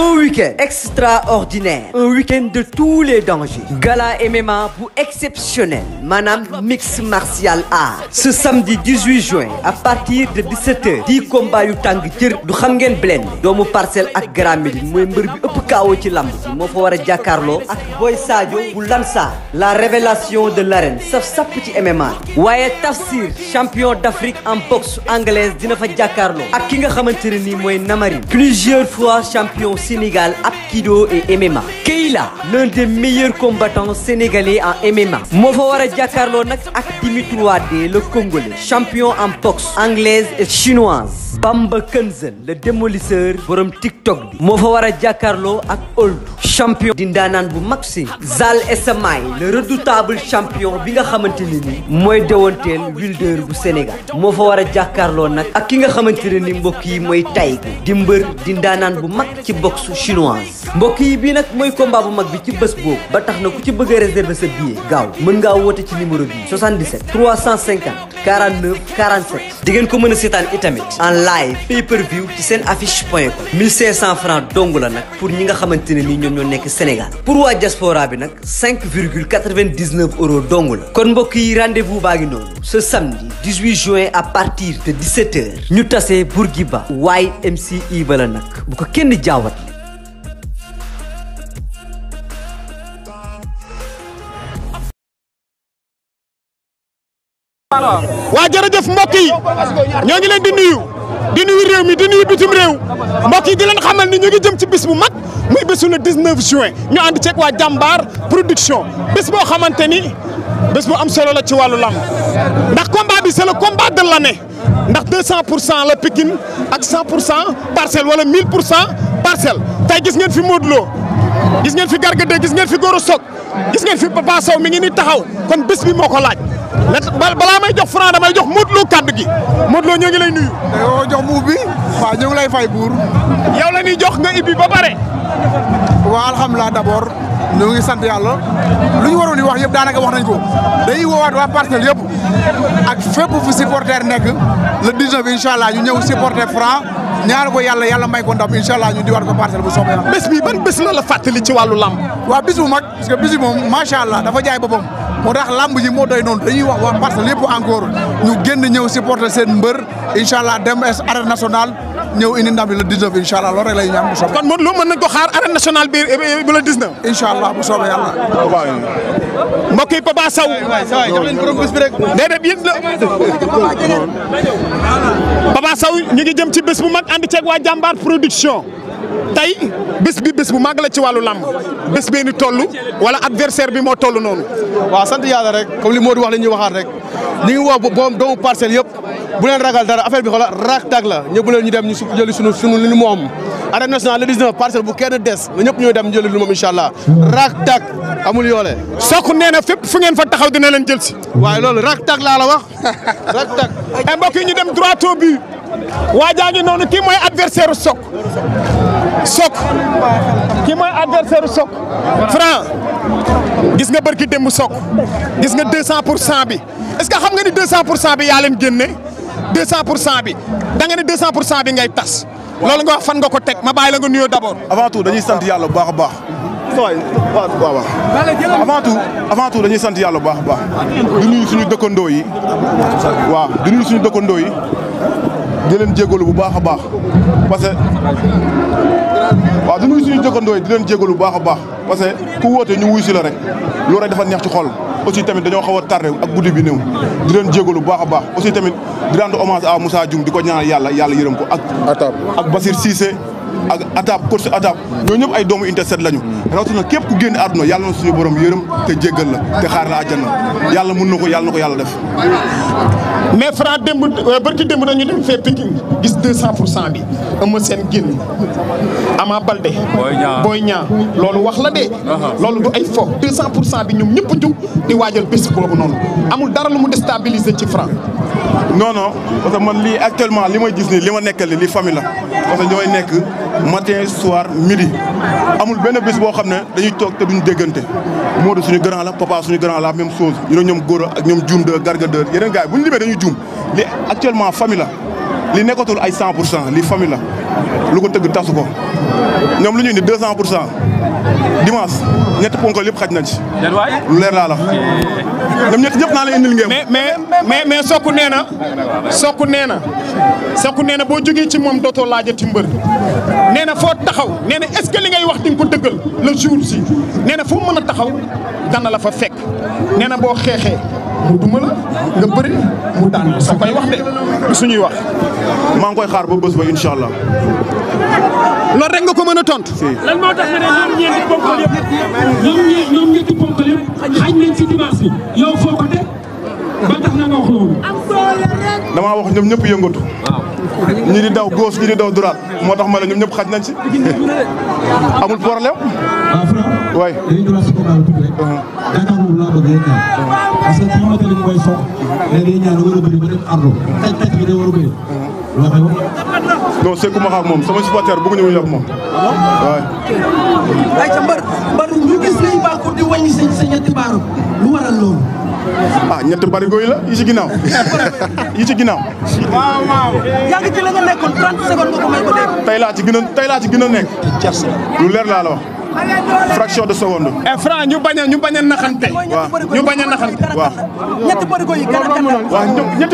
un week-end extraordinaire un week-end de tous les dangers gala MMA bu exceptionnel maanaam mix martial art ce samedi 18 juin à partir de 17h 10 combats yu tàng jër du xam ngeen blende doomu parcelle ak Grand Médine mooy mbër bi ëpp kaawoo ci lamb bi moo fa war a jàkkaarloo ak Boy Sadio bu Lansar la révélation de l'arène saf sapp ci MMA waaye Tafsir champion d'Afrique en boxe anglaise dina fa jàkkaarloo ak ki nga xamante ne nii mooy Namarin plusieurs fois champion Sénégal Apkido et MMA Keila l'un des meilleurs en MMA moo fa war a jàkkaarloo nag ak Dimitri Wade le champion en boxe anglaise et chinoise Bamba Kenzel le démolisseur borom TikTok bi moo fa war a jàkkaarloo ak Old champion di ndaanaan bu mag si Zal Esamaay le redoutable champion bi nga xamante ni ni mooy dewanteel Wilder bu Sénégal moo fa war a jàkkaarloo nag ak ki nga xamante ne ni mbokk yi mooy tay di mbër di ndaanaan bu mag ci boxe chinoise mbokk yi bii nag mooy combat bu mag bi ci bés boobu ba tax na ku ci bëgg a réserver sa billet gaaw mën ngaa woote ci numéro bi 77 350 49 47 di ngeen ko mën a seetaan itamit en live pay per view ci seen affiche point com francs dong la nag pour ñi nekk Sénégal pour waa diaspora bi nag 5 virgule 99 euros la kon mbokk yi rendez-vous baa ngi noonu ce samedi 18 juin à partir de 17h ñu tase Bourguiba waaye MCI bala nag bu ko kenn jaawat waa jërëjëf mbokk ñoo ngi leen di nuyu di nuyu réew mi di nuyu bitim réew mbokk yi di xamal ni ñu ngi jëm ci bis bu mag muy bisu le 19 juin ñu ànd ceeg waa jàmbaar production bis boo xamante ni bés bu am solo la ci wàllu lamb ndax combat bi c'est le combat de l'année ndax 200 pour cent la Pikine ak 100 pour cent parcel wala 1000 pour cent parcelle tey gis ngeen fi Modou Lo gis ngeen fi Garga 2 gis ngeen fi Gora Sock gis ngeen fi Papa mi ngi ni taxaw kon bés bi moo ko laaj balaa may jox Franc damay jox Modou Lo kaddu gi Modou Lo ñoo ngi lay nuyu. yow jox mu ubbi waaw ñu ngi lay fay buur. yow la ñuy jox nga ibbi ba pare. waaw alhamdulilah d'abord ñu ngi sant yàlla lu ñu waroon i wax yëpp daanaka wax nañ ko day woowaat waa Parcelles yëpp ak fépp fu supporter nekk le 19 incha allah ñu ñëw supporter Franc. ñaan ko yàlla yàlla may ko ndam incha allah ñu diwaat ko parcelle bu soobee yàlla. bés bi ban bés la la fàttali ci wàllu làmb. waaw bés bu mag parce que bi moom macha allah dafa jaay boppam moo tax làmb ji moo doy noonu dañuy wax waa parcelle yëpp encore ñu génn ñëw supporter seen mbër incha allah dem arène nationale ñëw indi ndam bi le 19 incha allah loolu rek lay ñaan bu soobee. kon Modou Lo mën nañ ko xaar arène nationale bi eh, eh, bu le 19. incha allah bu soobee yàlla. mbokk yi Papa Sow. déedéet saw la. Papa Sow ñu ngi jëm ci bés bu mag ànd ceeg waa jàmbaar production. tey bés bi bés bu màgg la ci wàllu làmb bés bee ni toll wala adversaire bi moo toll noonu. waa sant yàlla rek comme li Modou wax la ñuy waxaat rek ñu ngi woo doomu parcelle yëpp bu leen ragal dara affaire bi xoolal raak tag la ñëpp bu ñu dem ñu su jëli sunu sunu li moom arène nationale le 19 parcelle bu kenn des na ñëpp ñooy dem jëli lu moom incha allah raak tak amul yoole Sokh nee na fépp fu ngeen fa taxaw dina leen jël waaye loolu raak tak la wax raak tak ay eh, mbokk yi ñu dem droit au but waajaa ngi noonu kii mooy adversaire Sokh Sokh kii mooy adversaire Sokh Franc gis nga bërki démb Sokh gis nga 200 pour cent bi est que xam nga ni 200 pour cent bi yaa génne deux cent pour cent bi da nga ne deux cent pour cent bi ngay tas loolu nga wax fan nga ko teg ma bàyyi la nga nuyoo d'abord avant tout dañuy sant yàlla bu baax a baax waaw waaw waaw avant tout avant dañuy sant yàlla bu baax a baax di nuyu suñu dëkkandoo yi waaw di nuyu suñu dëkkandoo yi di leen jégalu bu baax a baax parce que waaw di nuyu suñu dëkkandoo yi di leen jégalu bu baax a baax parce que ku woote ñu wuy si rek loolu rek dafa neex ci xool aussi tamit dañoo xaw a tardé ak guddi bi néew di leen jégalu baax a baax aussi tamit di rendre hommage à Moussa Dioum di ko ñaanal yàlla yàlla yërëm ko ak. ak Basir Cissé. ak atab coach atab ñoo ñëpp ay doomu Unité 7 lañu rawatina képp ku génn àdduna yàlla na suñu borom yërëm te jéggal la te xaar la àjjana yàlla mën na ko yàlla na ko yàlla def mais Franc démb euh, bërki démb nañu dem fee Pikine gis deux cent pour cent bi ëma seen génn Ama Baldé booy ñaa loolu wax la de loolu du ay fo deux cent pour cent bi ñoom ñëpp jug di waajal bés boobu noonu amul dara lu mu déstabiliser ci Franc non non parce que man lii actuellement li may gis nii li ma nekkal li famille la matin soir mili amul benn bés boo xam ne dañuy toog te duñu déggante Modou suñu grand la Papa suñu grand la même chose. ñu ne ñoom Gora ak ñoom Dioum de Garga de yeneen gars bu ñu limee dañuy juum li actuellement famille la. li nekkatul ay 100 pour cent li famille la lu ko tëgg tasu ko ñoom lu ñuy ni 200 pour cent dimanche ñetti ponk lépp xaj nañ ci. lu leer laa la. ñoom ñett ñëpp naa la indil ngeen. mais mais mais mais Sokh nee na. Sokh nee na. Sokh nee na boo jógee ci moom dootoo laajati mbër. nee na foo taxaw nee na est que li ngay wax di nga ko dëggal le jour si nee na fu mën a taxaw dana la fa fekk nee na boo xeexee mu duma la nga bëri mu daan la sa koy wax de suñuy wax. maa ngi koy xaar ba bés ba incha allah. rek nga ko mën a tontu. lan moo tax wax ñëpp yëngatu. ñi di daw goos ñi di daw droite moo tax ma ne ñoom ñëpp xaj nañ ci amul problème. Ah, uh-huh. waaye. Uh-huh. parce que non sekkuma xaar moom sama supporter bëgguñu mu yàq moom. waaw. ayca mbar mbar ñu gis liy baaxul di wàññi sa sa ñetti baaru lu waral loolu. ah ñetti barigo yi la yi ci ginnaaw yi ci ginnaaw. yaa ngi ci la nga nekkoon 30 secondes nga ko may ba dégg. tey laa ci gën a tey laa ci gën a nekk. lu leer laa la wax. fraction de seconde. et eh, franc ñu bañ a ñu bañ a naxante. ñu bañ a naxante. waaw ñetti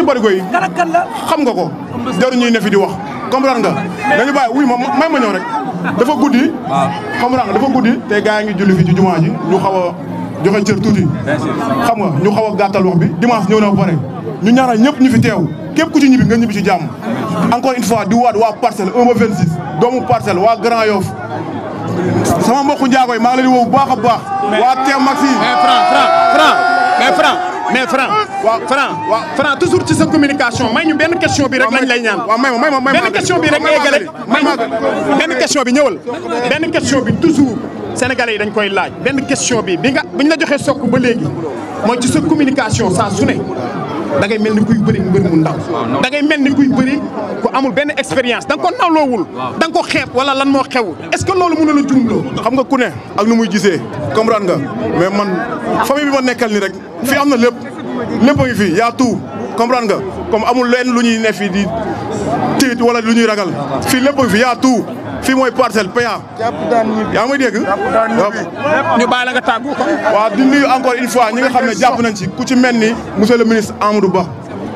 bërigo yi kan kan la. xam nga ko. jarul ñuy ne fi di wax. comprendre nga dañu bàyyi wuy ma may ma ñëw rek. dafa guddi. waaa comprendre nga dafa guddi. te gaa yi ngi julli fii ci jumaa ñu xaw a joxe cër tuuti. xam nga ñu xaw a gàttal wax bi dimanche ñëw na ba pare. ñu ñaanal ñëpp ñu fi teew képp ku ci ñibbi nga ñibbi ci jàmm. encore une fois di waat waa parcelle 1 ba 26 doomu parcelle waa Grand Yoff sama mbokku njaago yi maa ngi leen di woo bu baax a baax. waa Thiem Maxi. mais Franc Franc Franc mais Franc ci sa communication may ñu benn question bi rek lañ lay ñaan. waaw may ma may ma may ma benn question bi rek nga benn question bi ñëwal. benn question yi dañ koy laaj. benn question bi bi nga bi la joxee sokk ba léegi mooy ci sa communication saa su da ngay mel ni kuy bëri mbër mu ndaw da ngay ni kuy bëri ku amul benn expérience da nga ko nawloowul da nga ko xeeb wala lan moo xew est-ce que loolu mën na la juumloo xam nga ku ne ak nu muy gisee comprendre nga mais man famille bi ma nekkal ni rek fii am na lépp lépp a ngi fii yaa tout comprendre nga comme amul lenn lu ñuy ne fii di tiit wala lu ñuy ragal fii lépp ngi fii yaa tout fii mooy parcelle payant. yaa may dégg. ñu bàyyi la nga tàggu ko. waaw di nuyu encore une fois ñi nga xam ne jàpp nañ ci ku ci mel ni monsieur le ministre Amadou Ba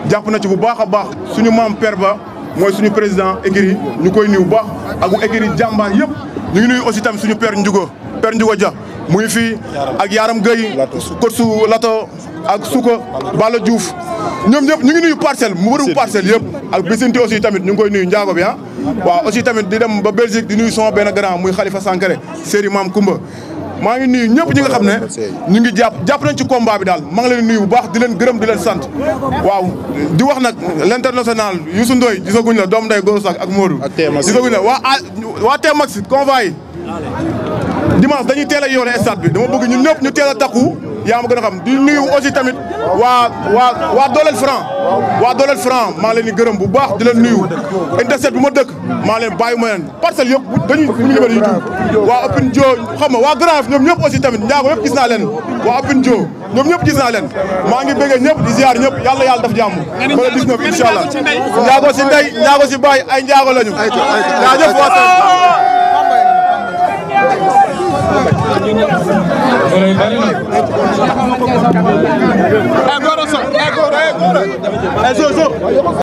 jàpp na ci bu baax a baax suñu maam per ba mooy suñu président écurie ñu koy nuyu bu baax ak bu écurie jàmbaar yëpp ñu ngi nuyu aussi tamit suñu père Ndiougo père Ndiougo ja muy ngi fii ak Yaram Gueye coach su Lato ak Souka Balla Diouf ñoom ñëpp ñu ngi nuyu parcelle mu bëru parcelle yëpp ak bisinti aussi tamit ñu ngi koy nuyu njaago bi ah waaw aussi tamit di dem ba Belgique di nuy son benn grand muy Khalifa Sankare séri Maam Kumba maa ngi nuyu ñëpp ñi nga xam ne ñu ngi jàpp jàpp nañ ci combat bi daal maa ngi leen nuyu bu baax di leen gërëm di leen sant waaw di wax nag l' international Youssou Ndoye gisaguñ la doom nday Goro Sack ak Modou gisaguñ wa waa waa T-Max convoi dimanche dañuy teel a yoone stade bi dama bëgg ñun ñëpp ñu teel a takku yaa ma gën a xam di nuyu aussi tamit waa dooleel franc waa dooleel franc maa leen gërëm bu baax di leen nuyu interset bu ma dëkk maa leen bàyyi ma leen yëpp dañuy ñu limal yi tuub waa Open Dio xam nga waa Grand ñoom ñëpp aussi tamit njaago yëpp gis naa leen waa Open Dio ñoom ñëpp gis naa maa ngi bëggee ñëpp di ziar ñëpp yàlla yàlla daf jàmm ba le 19 incha allah njaago si ndey njaago Agora só, agora, agora. É Jojo.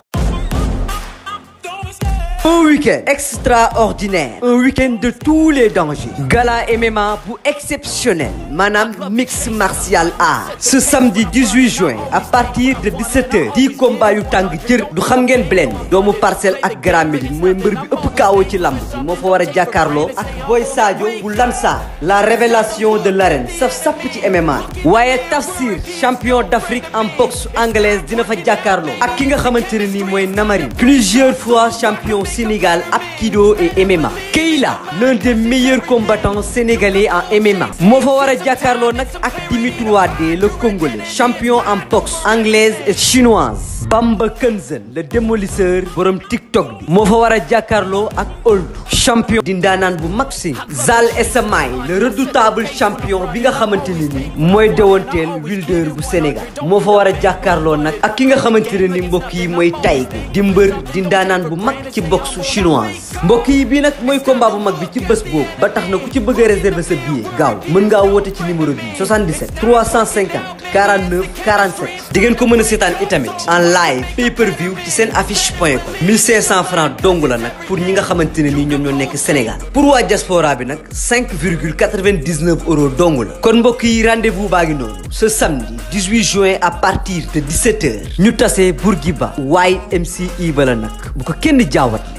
un week-end extraordinaire un week-end de tous les dangers gala MMA bu exceptionnel maanaam mix martial art ce samedi 18 juin à partir de 17h 10 combats tàng jër du xam ngeen blende doomu parcelle ak Grand mooy mbër bi ëpp kaawoo ci lamb bi moo fa war a jàkkaarloo ak Boy Sadio bu Lansar la révélation de l'arène saf sapp ci MMA waaye Tafsir champion d'Afrique en boxe anglaise dina fa jàkkaarloo ak ki nga xamante ne nii mooy Namarin plusieurs fois champion Sénégal Apkido et MMA. Sylla l'un des meilleurs combattants sénégalais en MMA moo fa war a jàkkaarloo nag ak Dimitri Wade le Congolais champion en boxe anglaise et chinoise Bamba Kenzel le démolisseur borom TikTok bi moo fa war a jàkkaarloo ak old champion di ndaanaan bu mag si Zal Esamay le redoutable champion bi nga xamante ni ni mooy dewanteel Wilder bu Sénégal moo fa war a jàkkaarloo nag ak ki nga xamante ne ni mbokk yi mooy tay di mbër di ndaanaan bu mag ci boxe chinoise mbokk yi bii nag mooy combat combat bu bi ci bés boobu ba tax na ku ci bëgg a réserver sa billet gaaw mën ngaa woote ci numéro bi 77 350 49 47 di ngeen ko mën a seetaan itamit en live pay per view ci seen affiche point com 1500 francs dong la nag pour ñi nga xamante ne nii ñoom ñoo nekk Sénégal pour waa diaspora bi nag 5 virgule 99 euros dong la kon mbokk yi rendez-vous baa ngi noonu ce samedi 18 juin à partir de 17h ñu tase Bourguiba waaye MC Ibala nag bu ko kenn jaawat